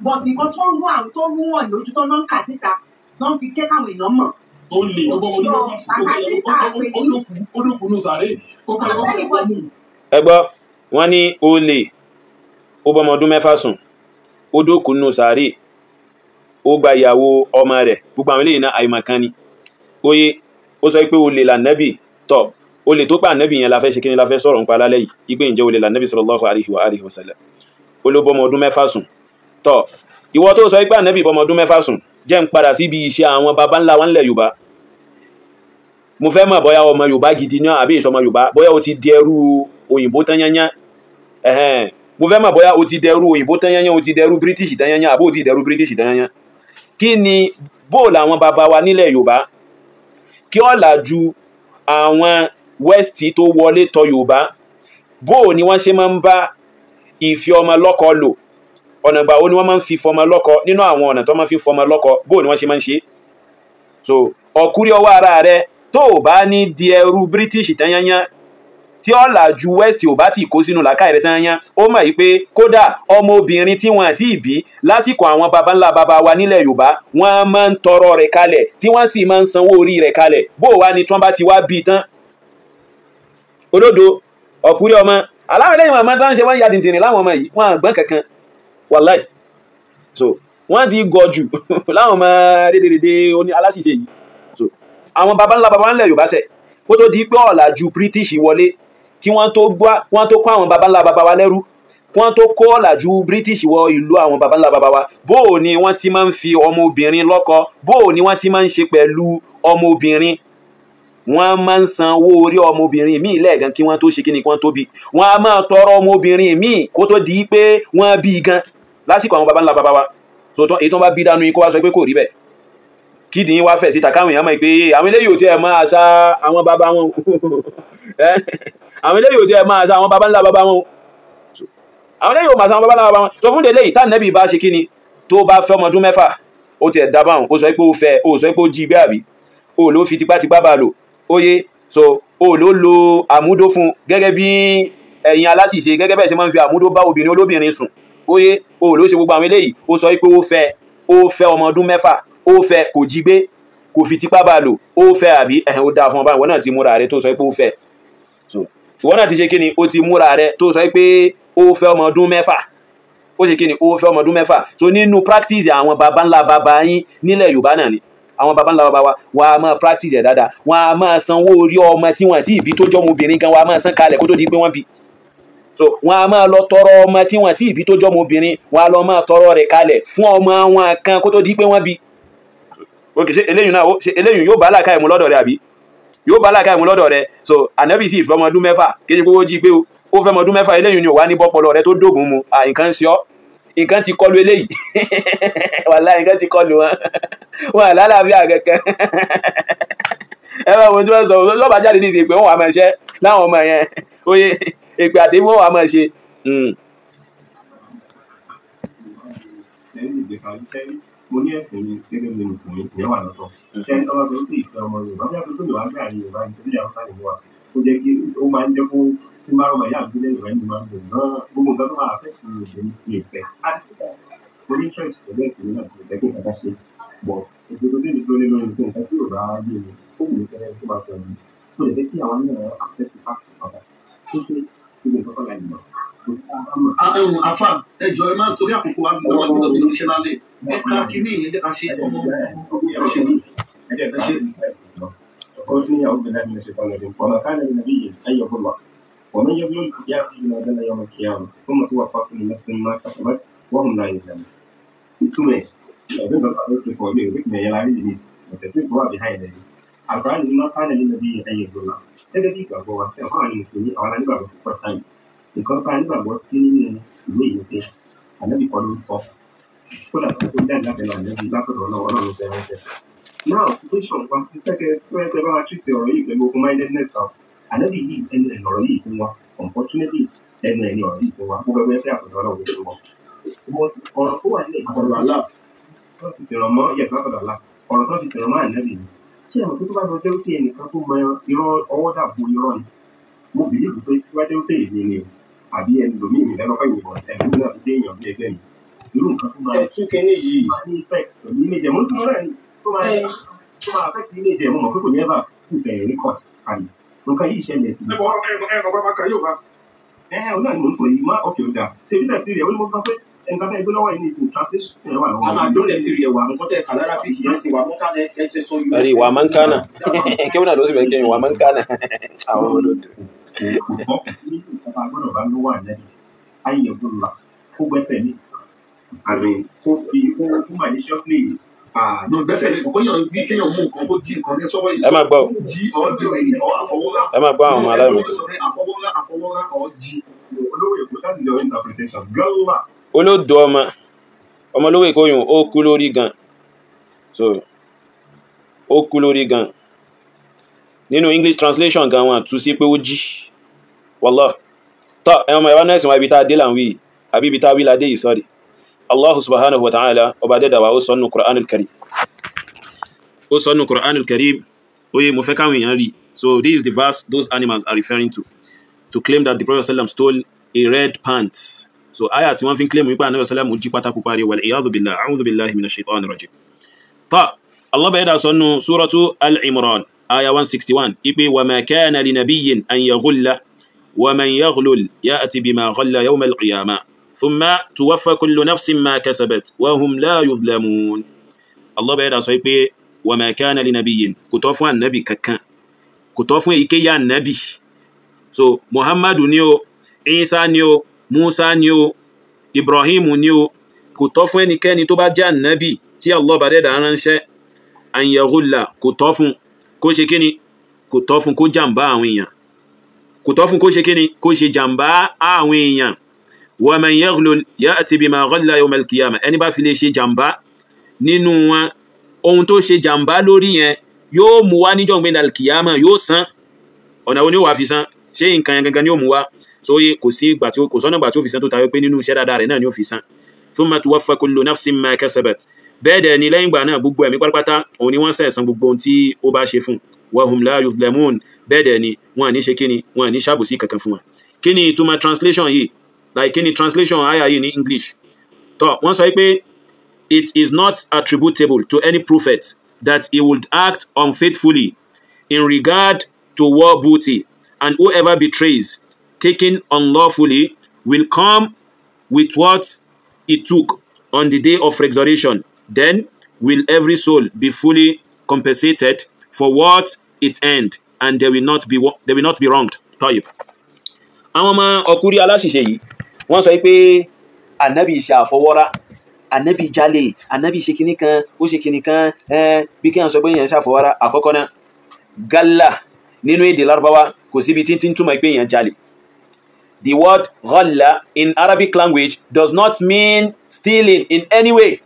but nǹkan tó ń wọ àwọn tó ń wọ lójú tó náà ń kà síta náà ń fi jẹ́ káwọn èèyàn mọ̀. ó lè ọgbọ́n mo ní wọ́n ó dókun ní sàárè ó kọ́ ẹ̀kọ́ ẹ gbọ́ wọ́n ní ó lè ó bọ́ ọmọdún mẹ́fà sùn ó dókun ní sàárè ó gba ìyàwó ọmọ rẹ̀ gbogbo àwọn eléyìí náà àìmọ̀kan ni oye ó sọ pé olè lànàbì tọ̀ olè tó pa ànàbì yẹn la fẹ́ ṣe kí ni la fẹ́ sọ̀rọ̀ nípa alálẹ́ yìí ìgbé ǹjẹ́ olè lànàbì sallallahu alaihi wa alihi wa sallam ó ló bọ́ ọmọ ọdún mẹ́fà sùn tọ ìwọ tó sọ ipá ànábì bọmọ ọdún mẹ́fà sùn jẹ́ ń padà síbi iṣẹ́ àwọn baba ńlá wa ńlẹ̀ yorùbá mo fẹ́ mọ̀ bóyá ọmọ yorùbá gidi ní àbí ìsọmọ yorùbá bóyá o ti di ẹrú òyìnbó tán yányán ẹ̀hẹ́n mo fẹ́ mọ̀ bóyá o ti dẹrú òyìnbó tán yányán o ti dẹrú british tán yányán àbó o ti dẹrú british tán yányán kí ni bóòlù àwọn baba wa nílẹ̀ yorùbá kí ọ̀làjú àwọn west tó wọlé tọ yorùbá bóò ni wọ́n ṣe máa ń bá ìfi ọmọ lọ́kọ lò ọ̀nà ìgbà wo ni wọ́n máa ń fi fọmọ lọ́kọ nínú àwọn ọ̀nà tó máa ń fi fọmọ lọ́kọ bó ni wọ́n ṣe máa ń ṣe so ọkùnrin ọwọ́ ara rẹ tó o bá ní di ẹrú british tanyanya tí ọ̀làjú west ò bá ti kó sínú làákàyè rẹ tanyanya ó mọ̀ pé kódà ọmọ obìnrin tí wọ́n àti ìbí lásìkò àwọn baba ńlá baba wa nílẹ̀ yorùbá wọ́n máa ń tọrọ rẹ̀ kalẹ̀ tí wọ́n sì máa ń sanwó orí rẹ̀ kalẹ̀ bó o ni tí wọ́n ti wá bí tán olódo ọkùnrin ọmọ aláwọ̀ lẹ́yìn màmá tó ń ṣe wọ́n ya dìndìnrín láwọn ọmọ yìí wọ́n àgbọn kankan wàláì so wọ́n ti gọ̀ jù láwọn ọmọ dédédédé oní aláṣìṣe yìí so àwọn baba ńlá baba ńlá yorùbá ṣe kó tó di pé ọ̀làjú british wọlé kí wọ́n tó gbá wọ́n tó kó àwọn baba ńlá baba wa lẹ́rú kí wọ́n tó kó ọ̀làjú british wọ ìlú àwọn baba ńlá baba wa bó ni wọ́n ti máa ń fi ọmọbìnrin lọ́kọ bó ni wọ́n ti máa ń ṣe pẹ̀lú ọmọbìnrin wọ́n máa ń san owó orí ọmọbìnrin míì lẹ́ẹ̀gan kí wọ́n tó ṣe kí ni kí wọ́n tó bí wọ́n á máa tọrọ ọmọbìnrin míì kó tó di pé wọ́n bí gan lásìkò àwọn baba ńlá baba wa sòtọ́ èyí tó ń bá bí dánú yín kó wá sọ pé kò rí bẹ́ẹ̀ kídìí wá fẹ̀ síta káwọn èèyàn mọ̀ pé àwọn eléyìí ò tiẹ̀ máa sa àwọn baba wọn àwọn eléyìí ò tiẹ̀ máa sa àwọn baba ńlá baba wọn àwọn eléyìí ò máa sa àwọn baba ńlá baba wọn sọ fún délé ìtàn nẹ́bí bá ṣe kíni tó bá fẹ́ ọmọdún mẹ́fà ó tiẹ̀ dábàrún ó sọ pé ó fẹ́ ó sọ pé ó jí gbé àbí ó ló fi tipátipá bá lò óyé so ó ló lo àmúdó fún gẹ́gẹ́ bí ẹ̀yin aláṣìṣe gẹ́gẹ́ bẹ́ẹ̀ ṣe máa ń fi àmúdó bá obìnrin olóbìnrin sùn Oye, yé o ò lè ṣe gbogbo àwọn eléyìí ó sọ pé ó fẹ́ ó fẹ́ ọmọ ọdún mẹ́fà ó fẹ́ kò jí gbé kò fi tipá bá a lò ó fẹ́ àbí ó dáa fún ọ báyìí wọn náà ti múra rẹ tó sọ pé ó fẹ́ ìwọ náà ti ṣe kíni ó ti múra rẹ tó sọ pé ó fẹ́ ọmọ ọdún mẹ́fà ó ṣe kíni ó fẹ́ ọmọ ọdún mẹ́fà so nínú practice àwọn baba ńlá baba yín nílẹ̀ yorùbá náà ni àwọn baba ńlá baba wa wọn a máa practice ẹ̀ dáadáa wọn a máa sanwó orí ọmọ tí wọn àti ìbí tó jọmọ obìnrin gan wọn máa san kalẹ̀ kó tó di pé wọ́n bí so wọn a máa lọ tọrọ ọmọ tí wọn tí ìbí tó jọmọ obìnrin wọn a lọ máa tọrọ rẹ̀ kalẹ̀ fún ọmọ wọn kan kó tó di pé wọn bí ok ṣe eléyìí náà ṣe eléyìí yóò bá làákàyè mu lọ́dọ̀ rẹ̀ àbí yóò bá làákàyè mu lọ́dọ̀ rẹ̀ so ànábì sì fẹ́ ọmọdún mẹ́fà kéde kó jí pé ó fẹ́ ọmọdún mẹ́fà eléyìí ni ò wá ní bọ́pọlọ rẹ̀ tó dógùn mu à nǹkan ṣe nǹkan ti kọlu eléyìí wàláhì nǹkan ti kọlu wọn wọn àlàáfíà kẹkẹ ẹ bá wọn tí wọn sọ lọ́ba jáde ní ìsìn pé wọn wà máa ṣẹ́ láwọn ọmọ yẹn oye èpè wọn wà máa ṣe. mo ní ẹ̀sìn mi gẹ́gẹ́ bí mùsùlùmí ìyẹn wà lọ́tọ̀ iṣẹ́ ọmọ tó ń pè ìfẹ́ ọmọ yorùbá bí akókò yorùbá bí àyè yorùbá nítorí àwùsá ni wà ó jẹ́ kí ó máa ń jẹ́ kó tí n bá rọmọ ìyá àgbélé yorùbá máa ń dùn náà gbogbo nǹkan tó máa affect mi ò ní fi ìfẹ́ mo ní choice pẹ̀lú ẹ̀sìn mi náà kò kí nǹkan ká ṣe bọ̀ ìgbésẹ̀ tó ní tó ní lórí nǹkan tí yorùbá yé mi ó wù mí kẹ́rẹ́ àwọn afa ẹjọ ẹ máa ń torí àkókò wa bí wọn gbọ́dọ̀ fún iṣẹ́ lálẹ́ ẹ ká kínní yẹn jẹ ká ṣe ọmọ ọmọ ṣe ní ẹ ṣe. قلتني أعوذ بالله من الشيطان الرجيم وما كان للنبي أن يضل ومن يضلل يأتي بما ضل يوم القيامة ثم توفى كل نفس ما كسبت وهم لا يظلمون. ثم يضل الأرض بقوله وإثم يلعب به وتسير بها بهذه القرآن ما كان للنبي أن يضل gẹ́gẹ́ bí ìgbàgbọ́ wa tí àwọn àwọn mùsùlùmí àwọn alágbàgbọ́ sí pàtà yìí nǹkan tá a nígbàgbọ́ sí nínú ìwé yìí ànábì kan ló ń sọ kódà tó tó dáì lábẹ́ ànábì látọ̀dọ̀ náà ọlọ́run fẹ́ ránṣẹ́. now situation wa pẹ́kẹ́ pẹ́kẹ́ bá wa treat ọ̀rọ̀ yìí pẹ̀lú open mindedness of ànábì yìí ẹnu ẹ̀ ọ̀rọ̀ yìí ti wá unfortunately ẹnu ẹ̀ ní ọ̀rọ̀ yìí ti wá gbogbo ẹgbẹ́ fẹ́ ṣé àwọn tó bá sọ jẹ́ wípé ẹnìkan tó mọ irọ́ ọwọ́ dàbò irọ́ ni mo bìlíìfù pé tó bá jẹ́ wípé èmi ni o àbí ẹlòmíì mi lẹ́lọ́pẹ́ ìwọ̀n ẹ̀mí náà fi dé èèyàn bí ẹgbẹ́ mi irú nǹkan tó máa tú kínní yìí máa ní ìfẹ́ pẹ̀lú ilé ìjẹ̀mú tí wọ́n rẹ̀ ní tó máa tó máa fẹ́ kí ilé ìjẹ̀mú mọ̀ pé kò ní ẹ̀ bá kú ìfẹ̀yìn rí kọ̀ọ̀tì kalẹ̀ nǹkan yìí ṣẹlẹ̀ sí i. ẹ ẹ ọ̀nà ni mo ń sọ yìí má ọ̀kẹ́ ọ̀dà ṣe bí tẹ̀sí rẹ̀ ó ní mo sọ pé nǹkan tẹ́ ẹ gbé lọ́wọ́ yìí ní ìtò translation ẹ wà lọ́wọ́. àmọ́ àjọlẹ̀ sí ìwà nǹkan tẹ́ kàlára fi kìí sí ìwà mọ́kànlá ẹ fẹ́ sọ yóò. ìwà mọ́kànlá kébùnà ló sì bẹ̀rẹ̀ kẹ́yìn ìwà mọ́kànlá. àwọn olódò. òkùnkọ́ ní ìjọba gbọ́dọ̀ bá ló wà lẹ́yìn ayẹ̀bùlà kó gbẹ́sẹ̀ ní àmì kó fi kó fún malaysia play àná gbẹ́sẹ̀ ní kò yàn bí kéèyàn mú nǹkan kó di nǹkan ní sọ́wọ́ ìṣó di ọ̀dọ̀ ẹ̀yìn ọ̀ àfọwọ́lá ẹ máa gbọ́ àwọn aláìmọ̀ àfọwọ́lá àfọwọ́lá ọ̀ di olórí èkó láti yọ interpretation olóòdó ọmọ ọmọ lówó ìkóyùn ó kú lórí gan so ó kú lórí gan nínú english translation gan wọn àtúnṣe pé ó jí wọlọ tọ ẹ ọmọ ẹwà nẹẹsì wọn ibi tá a dé là wí àbí ibi tá a wí la dé yìí sọrí allahu subhanahu wa ta'ala ọba wa ó sọnù quran al-karim ó sọnù quran al-karim ó yẹ mo fẹ́ káwọn èèyàn rí so this is the verse those animals are referring to to claim that the prophet sallam stole a red pants so aya tí wọ́n fin claim wi pa anabi sallam jí pátákó parí wal iyad billah a'udhu billahi minash shaitani rajim ta allah bá yada sọ́nù suratu al-imran aya 161 ipe wa ma kana lin nabiyyin an yaghulla wa man yaghlul ya'ti bima ghalla yawm al-qiyamah thumma tuwaffa kullu nafsin ma kasabat wa hum la yuzlamun allah bá yada sọ ipe wa ma kana lin nabiyyin kò tọ́ fún ànábì kankan kò tọ́ fún èyíkéyà ànábì so muhammadu ni o isa ni o musa ni o ibrahim ni o kò tọ́ fún ẹnikẹ́ni tó bá jẹ́ ànábì tí allah bá dẹ́dà ránṣẹ́ an yaghulla kò tọ́ fún kó ṣe kíni kò tọ́ fún kó jàǹbá àwọn èèyàn kò tọ́ fún kó ṣe kíni kó ṣe jàǹbá àwọn èèyàn wa man yaghlul ya'ti bima ghalla yawm al-qiyamah ẹni bá fi lè ṣe jàǹbá nínú wọn ohun tó ṣe jàǹbá lórí yẹn yóò mú wá níjọ́ gbẹ̀dẹ̀ al-qiyamah yóò san ọ̀nà wo ni ó wàá fi san ṣé nǹkan gangan ni ó mú wá sóye kò sí ìgbà tí kò sọ́nà ìgbà tí ó fi san tó tayọ pé nínú iṣẹ́ dáadáa rẹ̀ náà ni ó fi san thumma tuwaffa kullu nafsin ma kasabat bẹ́ẹ̀ dẹ̀ ni lẹ́yìn ìgbà náà gbogbo ẹ̀mí pátápátá òun ni wọ́n sẹ̀ san gbogbo ohun tí ó bá ṣe fún wa hum la bẹ́ẹ̀ dẹ̀ ni wọ́n ní ṣe kíni wọ́n ní ṣàbòsí kankan fún wa kíni ìtumọ̀ translation yìí like kíni translation àyà yìí ní English tó wọ́n sọ pé it is not attributable to any prophet that he would act unfaithfully in regard to war booty and whoever betrays, taken unlawfully, will come with what he took on the day of resurrection. Then will every soul be fully compensated for what it earned, and they will not be they will not be wronged. Tayyib. Àwọn ọmọ ọkùnrin aláṣìṣe yìí, wọ́n sọ pé ànábì ṣe àfọwọ́rá, ànábì jalè, ànábì ṣe kinní kan, ó ṣe kinní kan, bí kí wọ́n sọ pé èèyàn ṣàfọwọ́rá àkọ́kọ́ náà. Gálà nínú èdè lárúbáwá kò síbi tí tí ń túmọ̀ pé èèyàn jalè. The word ghalla in Arabic language does not mean stealing in any way.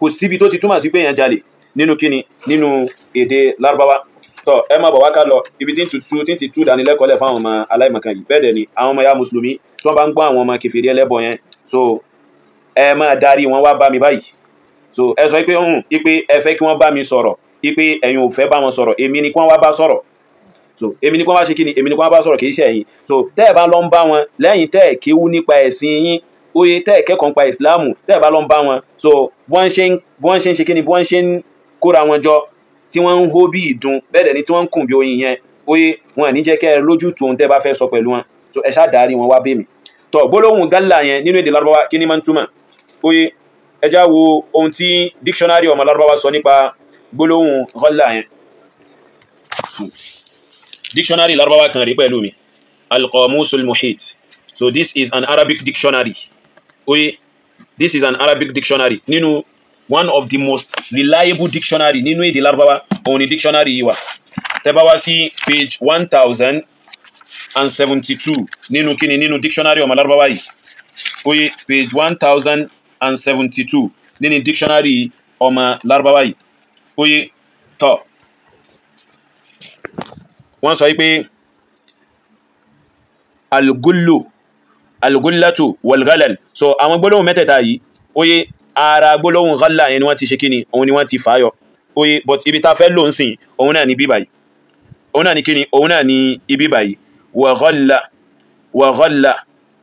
Kò síbi tó ti túmọ̀ sí pé èèyàn jalè nínú kíni nínú èdè Lárúbáwá. Tọ́ ẹ máa bọ̀ wá ká lọ ibi tí ń tí ti tú ìdánilẹ́kọ̀ọ́ lẹ̀ fáwọn ọmọ aláìmọ̀kan yìí. Bẹ́ẹ̀ dẹ̀ ni àwọn ọmọ ya Mùsùlùmí tí wọ́n bá ń gbọ́ àwọn ọmọ kẹfìrí ẹlẹ́bọ yẹn. So ẹ máa darí wọn wá bá mi báyìí. So ẹ sọ pé ẹ fẹ́ kí wọ́n bá mi sọ̀rọ̀ pé ẹ̀yin ò fẹ́ bá wọn sọ̀rọ̀ èmi ni kí wọ́n wá bá sọ̀rọ̀ so èmi ni kí wọ́n bá ṣe kí ni èmi ni kí wọ́n bá sọ̀rọ̀ kì í ṣe ẹ̀yin so tẹ́ ẹ̀ bá lọ ń bá wọn lẹ́yìn tẹ́ ẹ̀ kéwú nípa ẹ̀sìn yín oye tẹ́ ẹ̀ kẹ́kọ̀ọ́ nípa ìsìláàmù tẹ́ ẹ̀ bá lọ ń bá wọn so wọ́n ṣe ń wọ́n ṣe ń ṣe kí ni wọ́n ṣe ń kóra wọn jọ tí wọ́n ń hó bí ìdun bẹ́ẹ̀ dẹ̀ ni tí wọ́n ń kùn bí oyin yẹn oye wọn ní jẹ́ kẹ́ ẹ lójú tó ohun bá fẹ́ sọ pẹ̀lú wọn so ẹ ṣáà dárí wọn wá bèmí tọ gbólóhùn gálà yẹn nínú èdè lárúbáwá kí ni máa ń túmọ̀ oye ẹ já wo ohun tí dictionary ọmọ lárúbáwá sọ nípa gbólóhùn gálà yẹn dictionary Lárúbáwá kan rí pẹ̀lú mi al-Qamusul Muhit so this is an Arabic dictionary oye this is an Arabic dictionary Ninu, one of the most reliable dictionary nínú èdè Lárúbáwá òun ni dictionary yìí wà tẹ́ bá page one thousand and seventy-two Ninu kini ninu dictionary ọmọ Lárúbáwá yìí oye page one thousand and seventy-two nínú dictionary ọmọ Lárúbáwá yìí oye tọ́ wọ́n sọ wípé alugullu alugullatu walgalal so àwọn gbólóhùn mẹ́tẹ̀ẹ̀ta yìí oye ara gbólóhùn ghalla yẹn ni wọ́n ti ṣe kíni òun ni wọ́n ti fàáyọ oye but ibi ta fẹ́ lò ń sìn òun náà ni ibi báyìí òun náà ni kíni òun náà ni ibi báyìí wa ghalla wa ghalla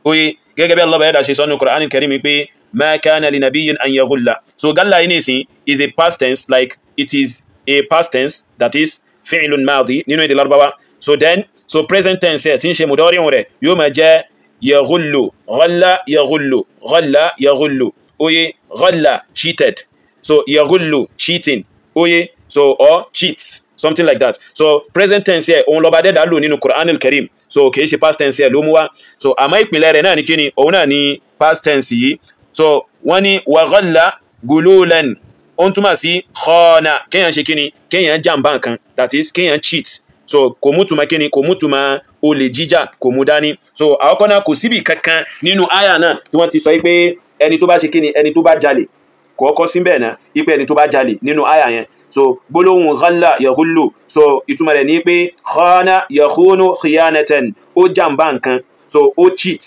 oye gẹ́gẹ́ bí Allah bá yẹ́dà ṣe sọ́nù Qur'anul Karim pé ma kana li nabiyyin an yaghulla so ghalla yìí nìsín is a past tense like it is a past tense that is fi'lun ماضي nínú èdè Lárúbáwá so then so present tense ẹ̀ tí ń ṣe mùdọ́rí rẹ̀ yóò máa jẹ́ yaghullu ghalla yaghullu ghalla yaghullu oye ghalla cheated so yaghullu cheating oye so or cheat something like that so present tense ẹ̀ òun lọ́ba dẹ́dà lò nínú Qur'an al so kìí ṣe past tense ẹ̀ ló mú wá so àmọ́ ìpìlẹ̀ rẹ̀ náà ni kíni òun náà ni past tense yìí so wọ́n ní wa ghalla ó ń túmọ̀ sí khana kéèyàn ṣe kíni kéèyàn jàǹbá nǹkan that is kéèyàn cheat so kò mú tuma kíni kò mú tuma olè jíjà kò mú dání so àkọ́kọ́ náà kò síbi kankan nínú àyà náà tí wọ́n ti sọ pé ẹni tó bá ṣe kíni ẹni tó bá jalè kò kọ́ síbẹ̀ náà ipe ẹni tó bá jalè nínú àyà yẹn so gbólóhùn ghalla yahullu so ìtumọ̀ rẹ̀ ní pé khana yahunu khiyanatan ó jàǹbá nǹkan so ó cheat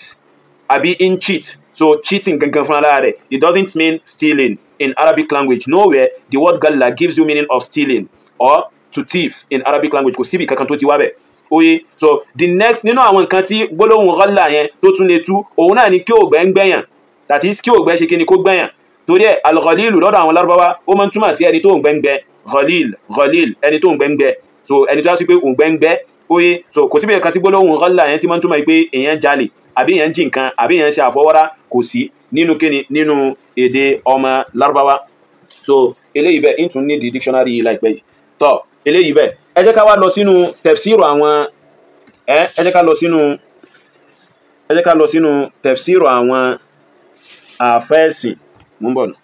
àbí in cheat So cheating gangan fúnra lára it doesn't mean stealing in Arabic language nowhere the word galla gives you meaning of stealing or to thief in Arabic language kò síbi kankan oye so the next nínú àwọn nǹkan tí gbólóhùn galla yẹn tó tún lè tú òun náà ni kí ògbẹ́ ń that is kio ògbẹ́ ṣe kí ni kó gbẹ̀yàn torí ẹ̀ al-ghalilu lọ́dọ̀ àwọn lárúbáwá ó máa ń túmọ̀ sí ẹni tó ń gbẹ́ngbẹ́ ghalil ghalil ẹni tó ń so anito tó yá sí pé oye so kò síbi ẹ̀ka tí gbólóhùn galla yẹn ti máa ń túmọ̀ jali. Abi jalè àbí Abi jí nǹkan àbí kò sí nínú kíni nínú èdè ọmọ lárúbáwá so eléyìí bẹ́ẹ̀ ń ní di dictionary yìí láìpẹ́ yìí tọ́ eléyìí bẹ́ẹ̀ ẹ jẹ́ ká wá lọ sínú tẹ̀fsíìrù àwọn ẹ ẹ jẹ́ ká lọ sínú ẹ jẹ́ ká lọ sínú tẹ̀fsíìrù àwọn àfẹ́sìn mú bọ̀ nù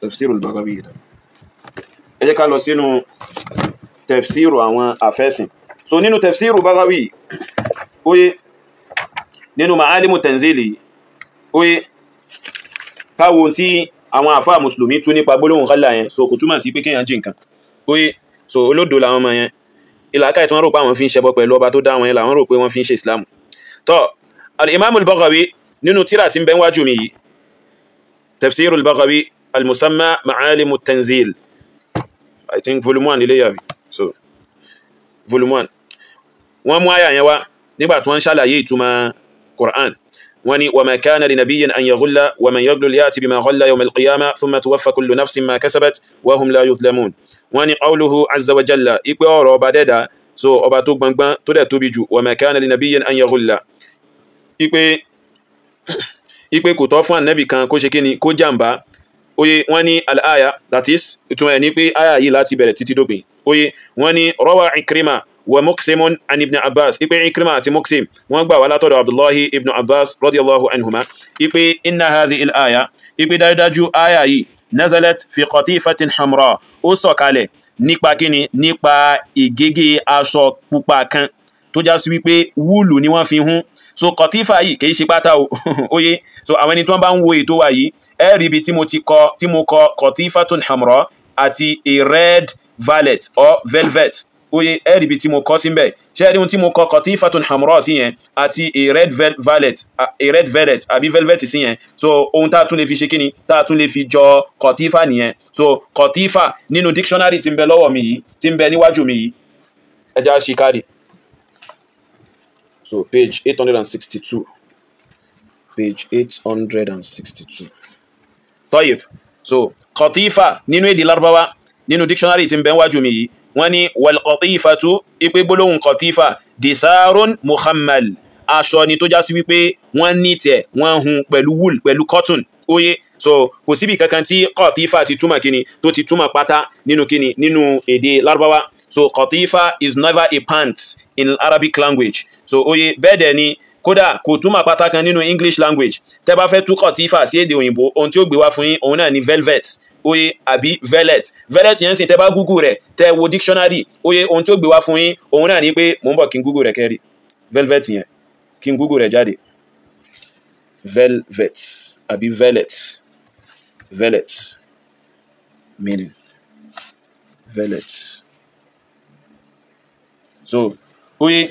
tẹ̀fsíìrù al-Baghawi yìí ẹ jẹ́ ká lọ sínú tẹ̀fsíìrù àwọn àfẹ́sìn so nínú tẹ̀fsíìrù Baghawi oye nínú ma'alimu tanzili yìí ó yé káwo tí àwọn àfáà mùsùlùmí tún nípa gbólóhùn kálà yẹn so kò túmọ̀ sí pé kéèyàn jí nǹkan ó yé so olódo làwọn ọmọ yẹn ìlàkà ìtàn rò pé àwọn fi ń ṣẹbọ pẹ̀lú ọba tó dá wọn yẹn làwọn rò pé wọ́n fi ń ṣe islam tó al-imamul nínú tíra tí ń bẹ wájú mi yìí wọ́n ní wàmà kánà lè nàbí yẹn àyàn húlá wàmà yọ́gbọ̀lù yá àti bí máa húlá yọmọ ìkìyàmá fún mẹ́tò wọ́fà kúlù náfsì máa kẹsàbẹ̀t wọ́hùn láyò lẹ́mùn wọ́n ní ọlùhù azawajalla ipe ọ̀rọ̀ ọba dẹ́dà so ọba tó gbangban tó dẹ̀ tóbi jù wàmà kánà lè nàbí yẹn àyàn húlá kò tọ́ fún ànábì kan kó ṣe kíni kó jàǹbá oye wọ́n ní al that is ìtumọ̀ ẹ̀ ní pé aya yìí láti bẹ̀rẹ̀ títí dópin oye wọ́n ní rọ́wà ìkírímà wa muqsim an ibn abbas ipe ikrima àti muqsim wọ́n gbà wá látọ̀dọ̀ abdullahi ibn abbas radiyallahu anhuma ipe inna hadhihi al-aya ipe dájúdájú aya yìí nazalat fi qatifatin hamra ó sọ̀kalẹ̀ nípa kíni nípa ìgégé aṣọ pupa kan tó já sí wípé wúlù ni wọ́n fi hún so kọtífà yìí kìí ṣe pátá o oye so àwọn ẹni tí wọ́n bá ń wo ètò wa yìí ẹ rí ibi tí mo ti kọ tí mo kọ kọtífà tun hamra àti a red violet or velvet oye ẹ̀rí ibi tí mo kọ́ sí mbẹ̀ ṣé ẹ̀rí ohun tí mo kọ́ fatun hamra sí yẹn àti a red velvet a red velvet àbí velvet sí yẹn so ohun tá a tún lè fi ṣe kíni tá a tún lè fi jọ kọtífà nìyẹn so kọtífà nínú dictionary tí ń bẹ lọ́wọ́ mi yìí tí ń bẹ níwájú mi yìí ẹja ṣì káàdì so page eight hundred and sixty-two page eight hundred and sixty-two tọ́yìb so kọtífà nínú èdè lárúbáwá nínú dictionary tí ń bẹ níwájú mi yìí wọ́n ní walqatifatu ipe gbólóhùn qatifa disarun muhammal aṣọ ni tó já sí wípé wọ́n ní tẹ̀ wọ́n hun pẹ̀lú wool pẹ̀lú cotton óyé so kò síbi kankan tí qatifa ti túmọ̀ kíni tó ti túmọ̀ pátá nínú kíni nínú èdè lárúbáwá so qatifa is never a pant in arabic language so óyé bẹ́ẹ̀ dẹ̀ ni kódà kò túmọ̀ pátá kan nínú english language tẹ́ bá fẹ́ tú qatifa sí èdè òyìnbó ohun tí ó gbé wá fún yín òun náà ni velvet oye àbí velvet velvet yẹn ń sìn tẹ́ bá google rẹ̀ tẹ́ wo dictionary oye ohun tó gbé wá fún yín òun náà ni pé mò ń bọ̀ kí n google rẹ̀ kẹ́rì velvet yẹn kí n google rẹ̀ jáde velvet àbí velvet velvet meaning velvet so oye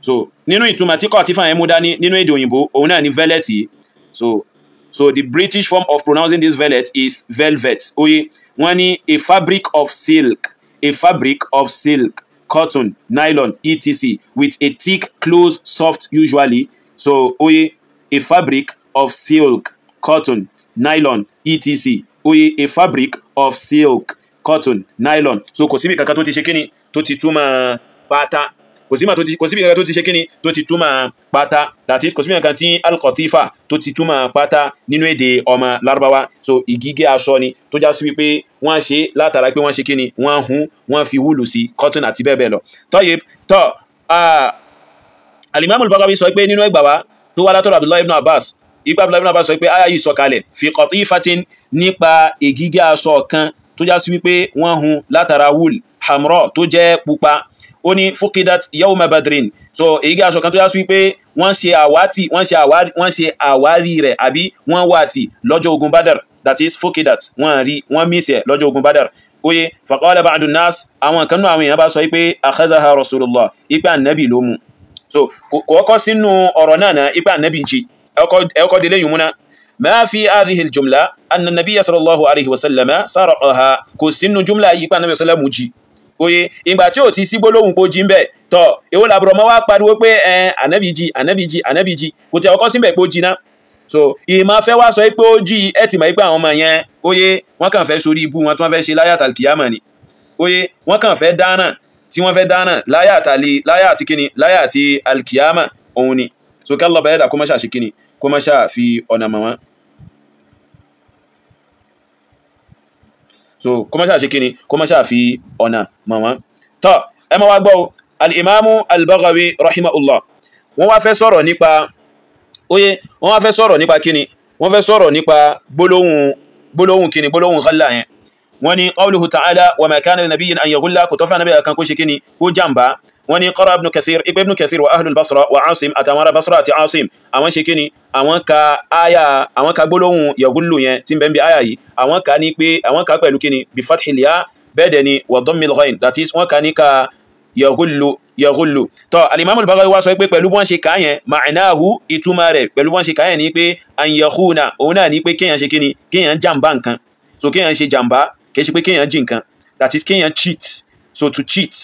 so nínú ìtumọ̀ tí kọ́ọ̀tífà yẹn mú dání nínú èdè òyìnbó òun náà ni velvet yìí so So the British form of pronouncing this velvet is velvet. Oye, wani a fabric of silk, a fabric of silk, cotton, nylon, etc. with a thick, close, soft usually. So oye, a fabric of silk, cotton, nylon, etc. Oye, a fabric of silk, cotton, nylon. So kò kaka kankan tó ti ṣe kíni ti túmọ̀ pátá kò sí nǹkan tó ti ṣe kíni tó ti túmọ̀ pátá that is kò sí nǹkan tí alkotifa tó ti túmọ̀ pátá nínú èdè ọmọ Lárúbáwá so ìgígé aṣọ ni tó já sí wípé wọ́n ṣe látara pé wọ́n ṣe kíni wọ́n hun wọ́n fi wúlù sí cotton àti bẹ́ẹ̀ bẹ́ẹ̀ lọ tọ́yẹ tọ́ alimami Al-Baghawi sọ pé nínú ẹgbàá wa tó wá látọ̀rọ̀ Abdullahi ibn Abbas ipa Abdullahi ibn Abbas sọ pé aya yìí sọ kalẹ̀ fi qatifatin nípa ìgígé aṣọ kan tó já sí wípé wọ́n hun hamra tó jẹ́ ó ní fukidat yawma badrin so èyí gé aṣọ kan tó yá sí wípé wọ́n ṣe àwátì wọ́n ṣe àwárí wọ́n ṣe àwárí rẹ̀ àbí wọ́n wà tì lọ́jọ́ ogun badr that is fukidat wọ́n rí wọ́n mísẹ̀ lọ́jọ́ ogun badr oye faqala ba'du nas àwọn kan náà àwọn èèyàn bá sọ wípé akhadhaha rasulullah ipe ànábì ló mu so kọ́kọ́ sínú ọ̀rọ̀ náà náà ipe ànábì jí ẹ̀kọ́ délé yìí múná ما في هذه الجملة أن النبي صلى الله عليه وسلم سرقها كسن جملة يبقى النبي صلى الله عليه وسلم oye ìgbà tí ò ti sí gbólóhùn kó jí ń bẹ̀ tọ̀ èwo làbúrò ọmọ wa pariwo pé ẹ ànábì jí ànábì jí ànábì jí kò tẹ ọkọ síbẹ̀ pé ó jí ná so ìmọ̀ fẹ́ wá sọ pé ó jí ẹ ti mọ̀ pé àwọn ọmọ yẹn oye wọ́n kàn fẹ́ sórí ibú wọn tí wọ́n fẹ́ ṣe láyà tàlkìyàmọ̀ ni oye wọ́n kàn fẹ́ dáná tí wọ́n fẹ́ dáná láyà àtàlì láyà àti kíni láyà àti alkiyama òun ni so kálọ̀ bẹ̀rẹ̀ dà kó má ṣàṣì kó má ṣàfi ọ̀nà mọ̀ wọ́n so kọ́mọ́ṣà ṣe kíni kọ́mọ́ṣà fi ọ̀nà mọ̀ wọ́n tọ́ ẹ máa wá gbọ́ o al-imamu al-Baghawi rahimahullah wọ́n wá fẹ́ sọ̀rọ̀ nípa oye wọ́n wá fẹ́ sọ̀rọ̀ nípa kíni wọ́n fẹ́ sọ̀rọ̀ nípa gbólóhùn gbólóhùn gbólóhùn ghalla yẹn wọ́n ní qawluhu ta'ala wa ma kana linabiyyin an yaghullah kò tọ́fẹ́ anábẹ́ kan kó ṣe kíni kó jàǹbá wọ́n ní qara ibn kathir ibn ibn kathir wa ahlul basra wa asim àtàwọn ará basra àti asim àwọn ṣe kíni àwọn ka gbólóhùn yaghullu yẹn tí ń bẹ ń àwọn ka ní pé àwọn ka pẹ̀lú kíni bi fathil bẹ́ẹ̀ ni wa dhammil that is wọ́n ka ní ka yaghullu yaghullu tọ́ alimami Baghawi wá sọ pé pẹ̀lú bọ́n ṣe kà yẹn ma'nahu rẹ̀ pẹ̀lú bọ́n ṣe kà ni pé an òun náà ni pé kéèyàn ṣe kíni kéèyàn jàǹbá nǹkan so kéèyàn ṣe jàǹbá kì í ṣe pé kéèyàn jí nǹkan that is kéèyàn cheat so to cheat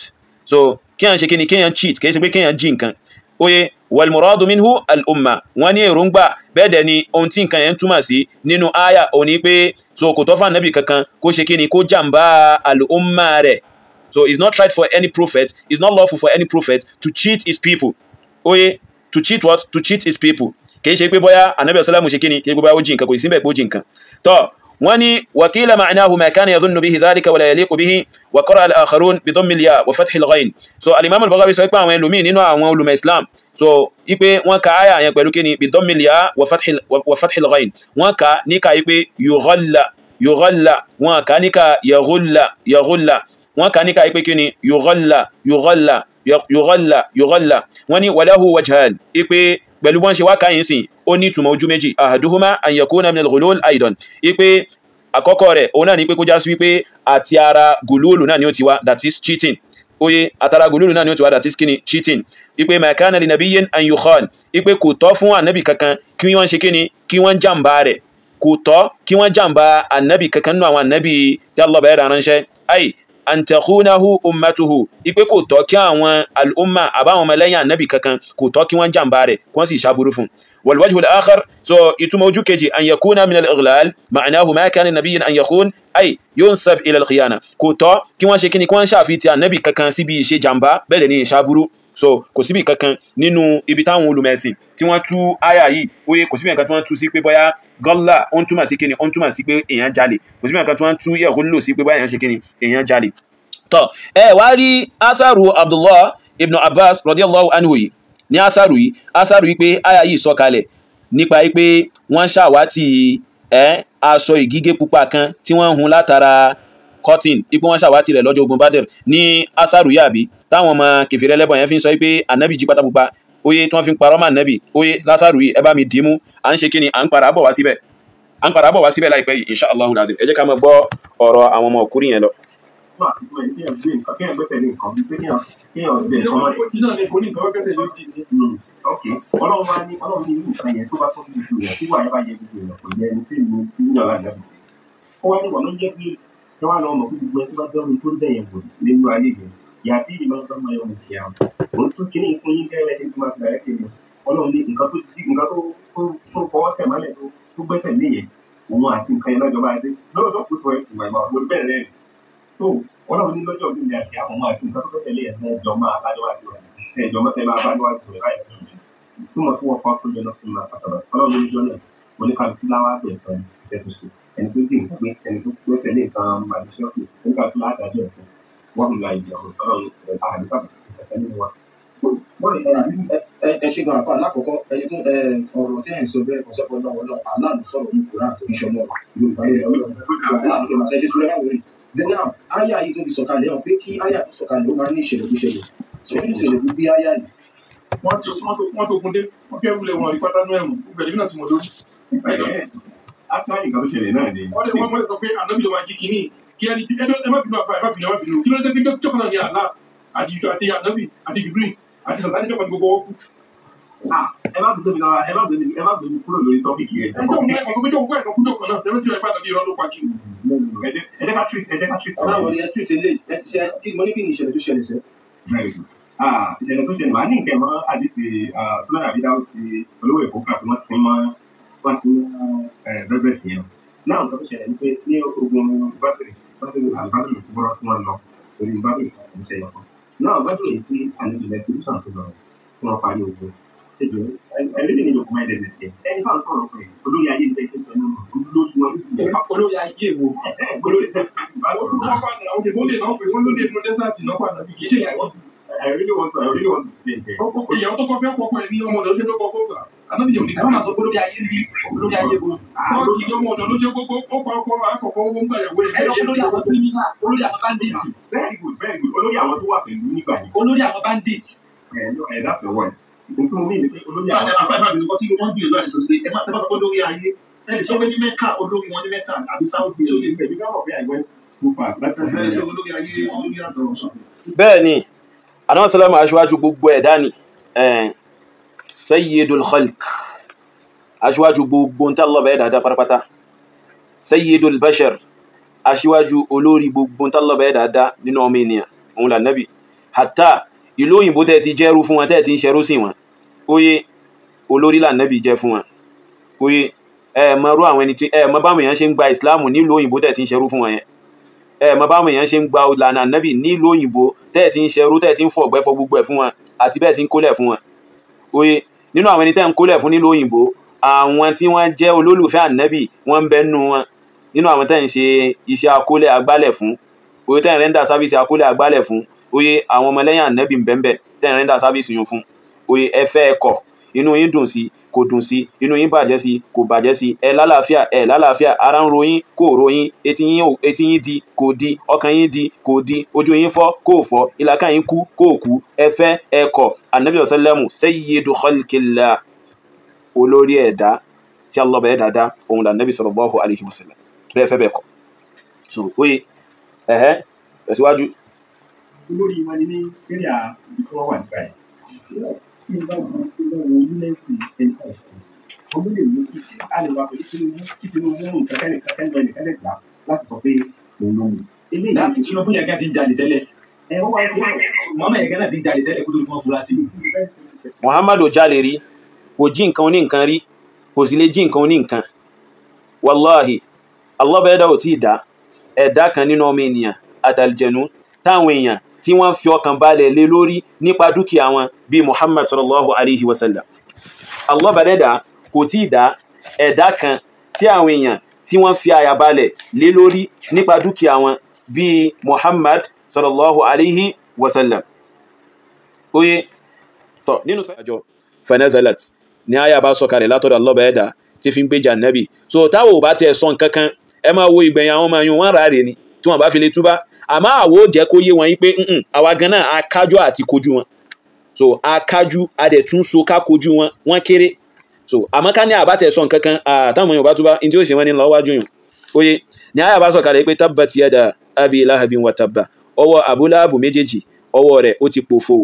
so kéèyàn ṣe kíni kéèyàn cheat kì í ṣe pé kéèyàn jí nǹkan oye walmuradu minhu al'umma wọ́n ní èròǹgbà bẹ́ẹ̀ dẹ̀ ni ohun tí nǹkan yẹn túmọ̀ sí nínú aya òní pé so kò tọ́ fún ànábì kankan kó ṣe kíni kó jàǹbá al'umma rẹ̀ so it's not right for any prophet it's not lawful for any prophet to cheat his people oye to cheat what to cheat his people kì í ṣe pé bóyá ànábì ọ̀sálàmù ṣe kíni kì í ṣe bóyá ó jí nǹkan kò sí síbẹ̀ pé ó jí nǹkan tọ́ وني وكيل معناه ما كان يظن به ذلك ولا يليق به وقرأ الآخرون بضم الياء وفتح الغين so الإمام البغوي sọ pé àwọn ẹlòmíì nínú àwọn olùmọ̀ Islam so ipe wọ́n ka aya yẹn pẹ̀lú kíni بضم الياء وفتح وفتح الغين wọ́n ka níka ipe يغلى يغلى wọ́n ka níka يغلى يغلى wọ́n ka níka ipe kíni يغلى يغلى يغلى يغلى wọ́n ní وله وجهان ipe pẹ̀lú bọ́n ṣe wá káyìn sìn ó ní ìtumọ̀ ojú méjì ahaduhuma an yakuna min al-ghulul ipe àkọ́kọ́ rẹ̀ òun náà ní pé kó já sí wípé àti ara gòlúòlù náà ni ó ti wá that is cheating oye àtàrà gòlúòlù náà ni ó ti wá that is kíni cheating ipe ma kana li nabiyyin an ipe kò tọ́ fún ànábì kankan kí wọ́n ṣe kíni kí wọ́n jàǹbá rẹ̀ kò tọ́ kí wọ́n jàǹbá ànábì kankan nínú àwọn ànábì tí Allah bá ránṣẹ́ àǹtẹ̀kúnáhù ummatuhu ipe kò tọ́ kí àwọn aba awon ọmọlẹ́yìn nabi kankan kò tọ́ kí wọ́n jàǹbá rẹ̀ kí sì ṣàbúrú fún wal wajhu al-akhar so ìtumọ̀ ojú kejì an yakuna min al-ighlal ma'nahu ma kana nabiyyan an yakhun ay yunsab ila al-khiyana kò tọ́ kí wọ́n ṣe kíni kí wọ́n ṣàfihàn ànábì kankan síbi ìṣe jàǹbá bẹ́ẹ̀ ni ìṣàbúrú so kò síbi kankan nínú ibi táwọn olùmẹ̀sìn tí wọ́n tú àyà yìí ó yẹ kò síbi kankan tí wọ́n tú sí pé bóyá gọ́là ó ń túmọ̀ sí kíni ó ń túmọ̀ sí pé èèyàn jalè kò síbi kankan tí wọ́n tú yẹ̀ kó lò sí pé bóyá èèyàn ṣe kíni èèyàn jalè. tọ ẹ wá rí asaru abdullah ibn abbas radiyallahu anhu yìí ní asaru yìí asaru yìí pé àyà yìí sọ̀kalẹ̀ nípa yìí pé wọ́n ṣàwátì ẹ aṣọ ìgígé pupa kan tí wọ́n ń hun látara kọ́tìn ipò wọn ṣàwátì rẹ̀ lọ́jọ́ ogun badr ní asaru yaabi táwọn ọmọ kẹfìrẹ lẹ́bọn yẹn fi ń sọ pé ànábì jí pátápupa oye tí wọ́n fi ń parọ́ mọ́ ànábì oye lásaru yìí ẹ bá mi dì í mú à ń ṣe kí ni à ń padà bọ̀ wá síbẹ̀ à ń padà bọ̀ wá síbẹ̀ láìpẹ́ yìí insha allah ẹ jẹ́ ká máa gbọ́ ọ̀rọ̀ àwọn ọmọ òkúrì hmm, ok ọlọ́run máa ní ọlọ́run ní irú nǹkan tó bá tó sí gbogbo tí wàá yẹ bá yẹ gbogbo èèyàn yẹ ẹni tí èmi ń yàn lágbàdo. ó wá ní ìwà ló ń jẹ́ pé kí wọ́n lọ mọ̀ pé gbogbo ẹ tó bá dọ́rùn tó ń dẹ̀yẹ̀ wò nínú ayé yẹn ìyá tí ìbá bá máa yọ ọmọ ìyá òun tún kí ní fún yín gẹ́gẹ́ ṣe tó máa ti bẹ̀rẹ̀ kiri ọlọ́run ní nǹkan tó ti nǹkan tó tó fọwọ́ tẹ̀ mọ́lẹ̀ tó gbẹ́sẹ̀ níyẹn òun àti nǹkan yẹn lọ́jọ́ bá dé lọ́dọ̀ kò sọ ìwà ìwà òun bẹ̀rẹ̀ rẹ̀ tó ọlọ́run ní lọ́jọ́ òbí ni àti àwọn àti nǹkan tó gbẹ́sẹ̀ léyẹ̀ fún ẹjọ́ máa bá níwájú rẹ̀ ẹjọ́ máa tẹ́ máa bá níwájú rẹ̀ láì ẹni tó dì gbé ẹni tó pèsè lè kan màdìsíọ́sì nígbà tó ládàájọ́ ẹ̀kọ́ wọ́n mi la ìyàwó ọlọ́run ẹ̀ka àdìsá ẹ̀fẹ́ nínú wa. ẹ ṣe gan àfa alákọ̀ọ́kọ́ ẹni tó ọ̀rọ̀ tí ẹ̀ ń sọ bẹ́ẹ̀ kọ́ sọ́kọ́ náà ọlọ́run aláàlú sọ̀rọ̀ ní kúrán ìṣọ̀mọ̀ yorùbá lórí dena aya yìí tó fi sọ̀kalẹ̀ hàn pé kí aya tó sọ̀kalẹ̀ ó máa ní ìṣẹ̀lẹ̀ tó ṣẹlẹ̀ sọ fún ìṣẹ̀lẹ̀ tó bí aya yìí. wọ́n tó kún dé wọ́n kẹ́rù lẹ̀ wọ́n rí náà ti actually nǹkan tó ṣẹlẹ̀ náà ni. wọ́n lè wọ́n mọ̀lẹ́ sọ pé ànábìyẹ wa jíkì ní kí ẹni ẹ má bínú afa ẹ má bínú ẹ má bínú kí ló dé pé jọ́kọ̀ náà ni àlá àti ìjọ àti ànábì àti jùbírì àti sàtánì jọ́kọ̀ ní gbogbo wọn kú. ẹ má bínú mi lára ẹ má bínú ẹ má bínú kúrò lórí tọ́pìkì yẹn. ẹ jọ́ mi ẹ kàn sọ pé jọ́kọ̀ kọ́ ẹ̀ kàn kú jọ́kọ̀ náà tẹ̀lé tí ìrọ̀ ìbàdàn bí irọ́ ló pa kí. ẹ jẹ́ ká treat ẹ jẹ́ ká treat. báwo ni ẹ treat ilé ẹ ti ṣe kí mo ní kí ni ìṣẹ̀lẹ̀ tó ṣẹlẹ̀ sẹ́. ìṣẹ̀lẹ̀ tó ṣẹlẹ̀ wà á ní ìkẹ́ mọ́ àdìsí sọ́nà àbídáwó ti olówó èkó kà tí wọ́n sin mọ́ wọ́n ti ná bẹ́bẹ̀rẹ̀ yẹn náà nǹkan tó ṣẹlẹ̀ ní pé ní ogun bábìrì bábìrì àbábìrì gbọ́dọ̀ tí wọ́n lọ torí bábìrì kò ṣe yọkan náà bábìrì tí àlejò expedition tó lọ tí wọ́n parí ogun ṣèjọ ẹlẹ́dẹ̀ ní ìjọba ẹ̀dẹ̀ ẹ̀dẹ̀ ẹni bá ń sọ̀rọ̀ pé olórí ayé nípa iṣẹ́ pẹ̀lú olóṣùwọ̀n olórí ayé wo olórí ayé wo. I really want to I really want to be there. Ìyàwó tó kọ fẹ́ pọ̀pọ̀ ẹ̀ ní ọmọdé ó ṣe fẹ́ pọ̀pọ̀ gbà olórí ah, àwọn bandits. very good very good olórí àwọn tó wà pẹ̀lú nígbà yìí. olórí àwọn bandits. ẹ ẹ that's the one. ohun tó mú mi ni pé olórí àwọn. bàtà àfáà mi kọ́ kí wọ́n gbìyànjú àìsàn pé ẹ má tẹ́ bá sọ pé lórí ayé ẹ lè sọ pé ní mẹ́ka olórí wọn ní mẹ́ka àbí sáwọ́dì sóde ìgbẹ́ mi káwọ̀ pé àìwẹ́ fún pa láti gbogbo ẹ̀dá ni sayyidul khalq aṣíwájú gbogbo ń tàlọ́ bẹ́ẹ̀ dáadáa pátápátá sayyidul bashar aṣíwájú olórí gbogbo ń tàlọ́ bẹ́ẹ̀ dáadáa nínú ọmọ ènìyàn òun là nábì hatta ìlú òyìnbó tẹ́ ti jẹ́rú fún wọn tẹ́ ti ń ṣerú sí wọn oyè olórí là nábì jẹ́ fún wọn oyè ẹ mọ irú àwọn ẹni tí ẹ mọ báwọn èèyàn ṣe ń gba ìsìláàmù nílùú òyìnbó tẹ́ ti ń ṣerú fún wọn yẹn ẹ mọ báwọn èèyàn ṣe ń gba ìlànà nábì nílùú òyìnbó tẹ́ ti ń ṣerú tẹ́ ti ń fọ̀gbẹ́ gbogbo ẹ̀ fún wọn àti bẹ́ẹ̀ ti ń kólẹ̀ fún wọn oye nínú àwọn ẹni tẹ́ ń kólẹ̀ fún nílùú òyìnbó àwọn tí wọ́n jẹ́ olólùfẹ́ ànábì wọ́n ń bẹ nínú wọn nínú àwọn tẹ́ ń ṣe iṣẹ́ akólẹ̀ agbálẹ̀ fún oye tẹ́ ń rẹ́ńdà sáfíìsì akólẹ̀ agbálẹ̀ fún oye àwọn ọmọlẹ́yìn ànábì ń bẹ́ńbẹ́ tẹ́ ń rẹ́ńdà sáfíìsì yun fún oye ẹ fẹ́ ẹ kọ̀ inú yín dùn sí kò dùn sí inú yín bàjẹ́ sí kò bàjẹ́ sí ẹ lálàáfíà ẹ lálàáfíà ara ń royín kò royín etí yín etí yín di kò di ọkàn yín di kò di ojú yín fọ́ kò fọ́ ìlàkà yín kú kò kú ẹ fẹ́ ẹ kọ̀ anabi ọ̀sẹ́lẹ̀mù sayyidu khalqillah olórí ẹ̀dá tí Allah bẹ̀ẹ́ dáadáa òun là nàbì sallallahu alaihi wasallam bẹ́ẹ̀ fẹ́ bẹ́ẹ̀ kọ́ so oye ẹ̀hẹ́ tẹ̀síwájú. olórí wọn ni ní kẹ́ríà ìfowópamọ́ àgbà yìí tí n bá wọ tí n bá wọ lẹ́sì ẹ̀ka ìṣòro ọmọ lè mú kí a lè wá pẹ̀lú Tinubu kí Tinubu mú nǹkan kẹ́nìkan kẹ́nìkan nìkan lè gbà láti sọ pé òun ló mú. eléyìí láti Tinubu yẹn kan ti jalè tẹ́lẹ̀ ẹ wọ́n wá ẹ mọ́mọ́ yẹn kan náà ti jalè tẹ́lẹ̀ kó tó ní kí fura sí i. Muhammadu jalè rí kò jí nǹkan oní rí kò sì lè jí nǹkan oní wàláhì Allah bá ẹ̀dá ò tí ì dá ẹ̀dá kan nínú ọmọ ènìyàn àtàlìjẹ̀nu táwọn èèyàn tí wọ́n fi ọkàn balẹ̀ lé lórí nípa dúkìá wọn bíi Muhammad sallallahu alaihi wasallam. sallam Allah bàdẹ́dà kò tí ì dá ẹ̀dá kan tí àwọn èèyàn tí wọ́n fi àyà balẹ̀ lé lórí nípa dúkìá wọn bíi Muhammad sallallahu alaihi wasallam. oye tọ nínú sọ́jọ́ fanazalat ní àyà bá sọ̀kalẹ̀ látọ̀dọ̀ Allah bàdẹ́dà tí fi ń gbèjà nẹ́bì so táwọn ò bá tiẹ̀ sọ nǹkan kan ẹ máa wo ìgbẹ̀yìn àwọn ọmọ yun wọn rà rè ni tí wọn bá fi lè túbá àmọ́ àwo jẹ́ kó yé wọn yín pé àwa gan náà a àti kojú wọn so a kájú a dẹ̀ so ká kojú wọn wọ́n kéré so àmọ́ ká ní àbátẹ̀ sọ nǹkan kan àtàwọn èèyàn bá tún bá ní tí ó ṣe wọ́n ní lọ wájú yìí oye ní àyà bá sọ̀kalẹ̀ pé tabbat yada abi lahabin watabba ọwọ́ Abu Lahabu méjèèjì ọwọ́ rẹ̀ ó ti pòfo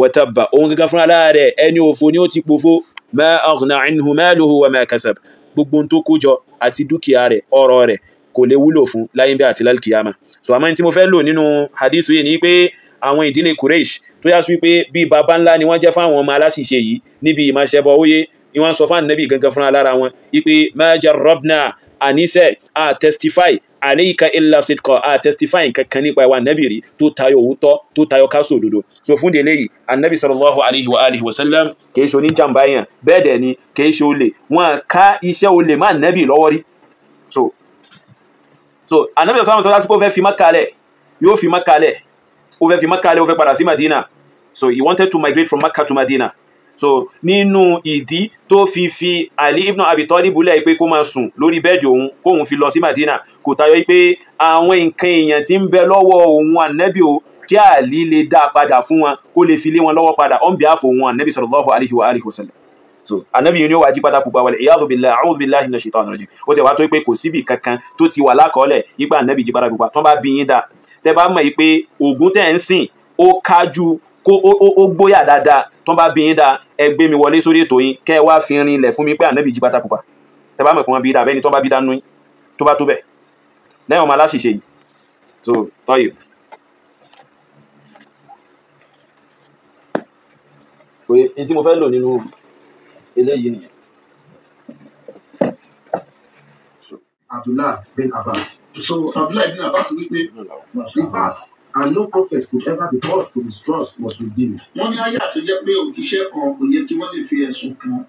watabba ohun kankan fúnra láàrẹ̀ ẹni òfo ni ó ti pòfo ma aghna anhu maluhu wa ma kasab gbogbo tó kó jọ àti dúkìá rẹ̀ ọrọ̀ rẹ̀ kò lè wúlò fún láyé bí àti lálkìyàmà so àmọ́ tí mo fẹ́ lò nínú hadith yìí ni pé àwọn ìdílé Quraysh tó yà sí pé bí baba ńlá ni wọ́n jẹ́ fáwọn ọmọ aláṣìṣe yìí níbi ìmọ̀ṣẹ́bọ̀ óyé ni wọ́n sọ fún ànábì gangan fúnra lára wọn ipe maja robna anise a testify aleika illa sitko a testify kankan nípa ìwà ànábì rí tó tayọ òótọ́ tó tayọ káṣọ òdodo so fún délé yìí ànábì sallallahu alayhi wa alihi wa sallam kìí ṣe oníjàmbá yẹn bẹ́ẹ̀ dẹ̀ ni kìí ṣe olè wọn ká iṣẹ́ olè má ànábì lọ́wọ́ rí so so anabi sọ́wọ́n tó lásìkò fẹ́ fi Mákà lẹ̀ yóò fi Mákà lẹ̀ ó fẹ́ fi Mákà lẹ̀ ó fẹ́ padà sí Madina so he wanted to migrate from Mákà to Madina so nínú ìdí tó fi fi Ali ibn Abi Talib lẹ̀ pé kó máa sùn lórí bẹ́ẹ̀dì òun kóun fi lọ sí Madina kò tayọ pé àwọn nǹkan èèyàn ti ń bẹ lọ́wọ́ òun anabi o kí Ali lè dá padà fún wọn kó lè fi lé wọn lọ́wọ́ padà on behalf òun anabi sallallahu alaihi wa alihi wasallam so anabi yìí ni ó wá jí pátákó bá wọlé ìyáàdù bìlá àwọn bìlá iná ṣètò ọ̀nà rẹ̀ jù ó tẹ̀ wá tó pé kò síbi kankan tó ti wà lákọọ́lẹ̀ yípa anabi jí pátákó bá tó bá bí yín dá tẹ bá mọ̀ yìí pé ògùn tẹ̀ ń sìn ó kájú kó ó gbóyà dáadáa tó bá bí yín dá ẹ gbé mi wọlé sórí ètò yín kẹ́ ẹ wá fi rin ilẹ̀ fún mi pé anabi jí pátákó bá tẹ bá mọ̀ pé wọ́n bí dá bẹ́ẹ̀ ni tó bá bí dá nú tó bá tó bẹ́ẹ̀ lẹ́yìn ọmọ aláṣìṣe yìí mo fẹ́ lò nínú eléyìí nìyẹn. Abdullah bin Abbas. So Abdullah bin Abbas wípé the verse and no prophet could ever be forced to mistrust was revealed. Wọ́n ní ayé àtúnjẹ́ pé òjíṣẹ́ kan kò yẹ kí wọ́n lè fi ẹ̀sùn kan.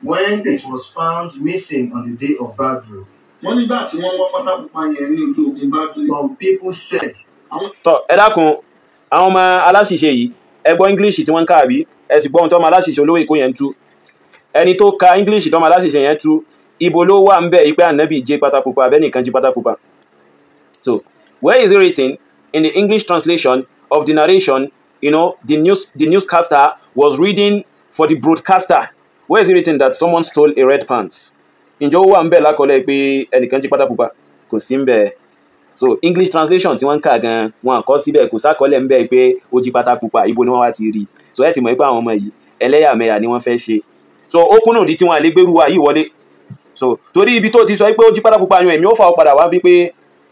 When it was found missing on the day of Badru, some people said. tọ́ ẹ dákun àwọn ọmọ aláṣìṣe yìí ẹ gbọ́ english tí wọ́n ń kà bí ẹ sì gbọ́ ohun tó máa láṣìṣe olówó èkó yẹn tú ẹni tó ka english tó máa láṣìṣe yẹn tú ibo ló wà ń bẹ̀ yí pé ànábì jẹ́ pátápupa abẹ́nìkan jí pátápupa so where is it written in the english translation of the narration you know the news the newscaster was reading for the broadcaster where is it written that someone stole a red pants ǹjọ́ wà ń bẹ̀ lákọlẹ̀ pé ẹnìkan jí pátápupa kò sí ń bẹ̀ ẹ́ so english translation tí wọ́n ń kà gan wọn kọ́ síbẹ̀ kò sákọ́lẹ̀ ńbẹ́ pé ó jí pátá pupa ibo ni wọ́n wá ti rí so ẹ ti mọ̀ pé àwọn ọmọ yìí ẹlẹ́yàmẹ̀yà ni wọ́n fẹ́ ṣe so ó kúnnù di tí wọ́n wa yìí wọlé so torí ibi tó ti sọ pé ó jí pátá pupa yan ẹ̀mí ó fà ó padà wá bí pé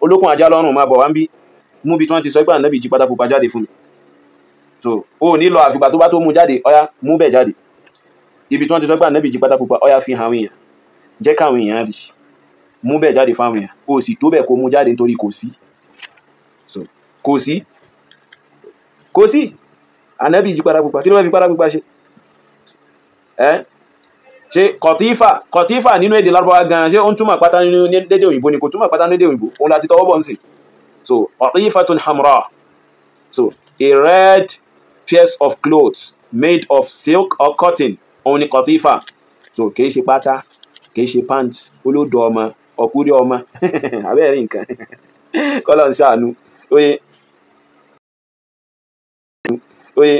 olókùn ajá lọ́rùn máa bọ̀ wá bí mú bí tí wọ́n ti sọ pé ànábì jí pátá pupa jáde fún mi so o ní lọ àfìgbà tó bá tó mú jáde ọ̀yá mú bẹ́ẹ̀ jáde ibi tí wọ́n ti sọ pé ànábì jí pátá pupa ọ̀yá fi hàn àwọn èèyàn jẹ́ káwọn èèyàn rí i mú bẹ́ẹ̀ jáde fáwọn èèyàn o sì tó bẹ́ẹ̀ kó mú jáde nítorí kò sí kò sí kò sí ànábì jí para pupa kí ló fẹ́ fi para pupa ṣe ẹ ṣe kọtífà kọtífà nínú èdè lárúbáwá gan ṣé ó ń túmọ̀ pátá nínú dédé òyìnbó ni kò túmọ̀ pátá nínú dédé òyìnbó òun láti tọwọ́ bọ̀ ń sè so qatifatun hamra so a red piece of cloth made of silk or cotton òun ni kọtífà so kì í ṣe pátá kì í ṣe pant olódò ọmọ ọ̀kúrẹ́ ọmọ abẹ́rẹ́ nǹkan kọ́lọ́ ń ṣàánú ó yẹ.